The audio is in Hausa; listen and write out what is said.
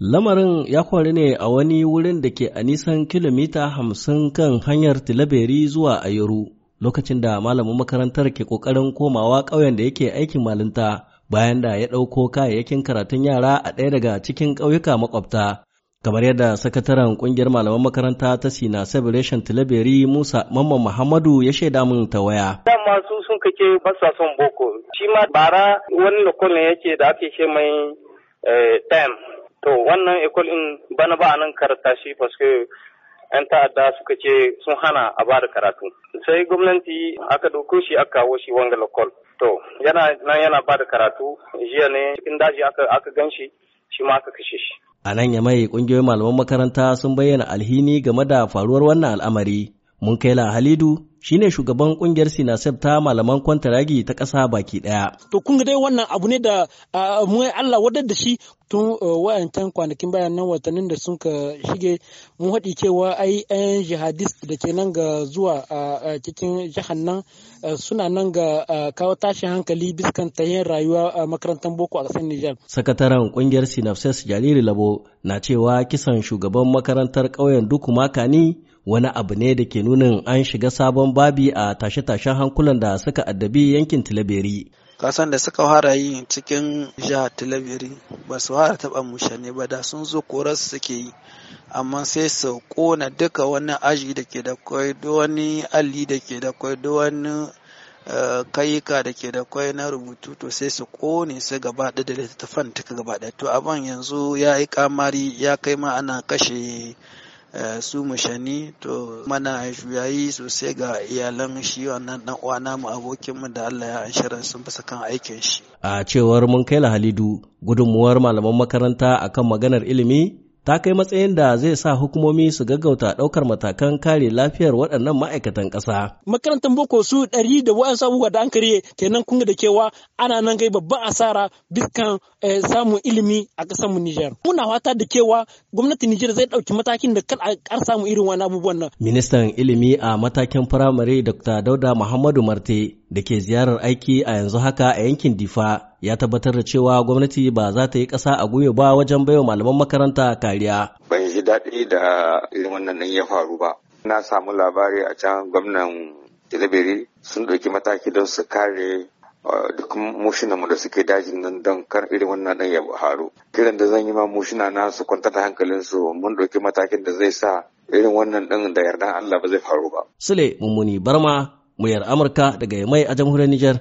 Lamarin ya kwari ne a wani wurin da ke a nisan kilomita hamsin kan hanyar Tilaberi zuwa Ayoro, lokacin da malamin makarantar ke ƙoƙarin komawa ƙauyen da yake aikin malinta bayan da ya ɗauko kayayyakin karatun yara a ɗaya daga cikin ƙauyuka makwabta. Kamar yadda sakataren ƙungiyar malaman makaranta ta Sina Celebration Tilaberi Musa Mamman Muhammadu ya shaida min ta waya. Dama su sun kake basa son boko. Shi ma bara wani lokacin yake da ake ce mai eh, time to wannan ecole in bana ba nan karanta shi paske yan ta'adda suka ce sun hana a ba da karatu sai gwamnati aka doko shi aka kawo shi wanga lokol to yana nan yana ba da karatu jiya ne cikin daji aka aka gan shi shi ma aka kashe shi a nan ya mai kungiyoyin malaman makaranta sun bayyana alhini game da faruwar wannan al'amari mun kai la halidu shine shugaban kungiyar Sinasef ta malaman kwantaragi ta ƙasa baki ɗaya. To kun dai wannan abu ne da mu Allah wadar da shi tun e, wayancan kwanakin bayan nan watannin da sun ka shige mun haɗi cewa ai 'yan jihadist da ke nan ga zuwa cikin jihar nan e, suna nan ga kawo tashin hankali biskan yin rayuwa a makarantar boko a ƙasar Nijar. Sakataren ƙungiyar Sinapses Jaliri Labo na cewa kisan shugaban makarantar ƙauyen duk makani wani abu ne da ke nunin an shiga sabon babi a tashe-tashen hankulan da suka addabi yankin tilaberi kasan da suka fara yi cikin jihar tilabiri ba su fara taɓa mushe ne ba da sun zo korar suke yi amma sai su kona duka wani aji da ke da kwai wani alli da ke da kwai wani eh, kayika da ke da kwai na rubutu to sai su kone su gaba da littattafan duka gaba to abin yanzu ya yi kamari ya kai ma ana kashe Eh, su mushani to mana yayi sosai ga iyalan shi wannan dan uwa mu abokin mu da Allah ya anshiran sun fi kan aikin shi a cewar mun kai halidu gudunmuwar malaman makaranta akan maganar ilimi ta kai matsayin da zai sa hukumomi su gaggauta ɗaukar matakan kare lafiyar waɗannan ma'aikatan ƙasa. Makarantar boko su ɗari da wa'an abubuwa da an karye kenan kun da kewa ana nan gai babban asara dukkan eh, samun ilimi a ƙasar mu Nijar. Muna fata da kewa gwamnatin Nijar zai ɗauki matakin da kar a samu irin wani abubuwan nan. Ministan ilimi a matakin firamare Dr. Dauda Muhammadu Marte da ke ziyarar aiki a yanzu haka a yankin Difa ya tabbatar da cewa gwamnati ba za ta yi ƙasa a gwiwa ba wajen baiwa malaman makaranta kariya. Ban ji daɗi da irin wannan nan ya faru ba. Na samu labari a can gwamnan Tilibiri sun ɗauki mataki don su kare uh, duk mushinanmu da suke dajin nan don kar irin wannan nan ya faru. Kiran da zan yi ma mushina na su kwantar da hankalinsu mun ɗauki matakin da zai sa irin wannan ɗin da yardan Allah ba zai faru ba. Sule Mummuni Barma, muyar Amurka daga Yamai a jamhuriyar Nijar.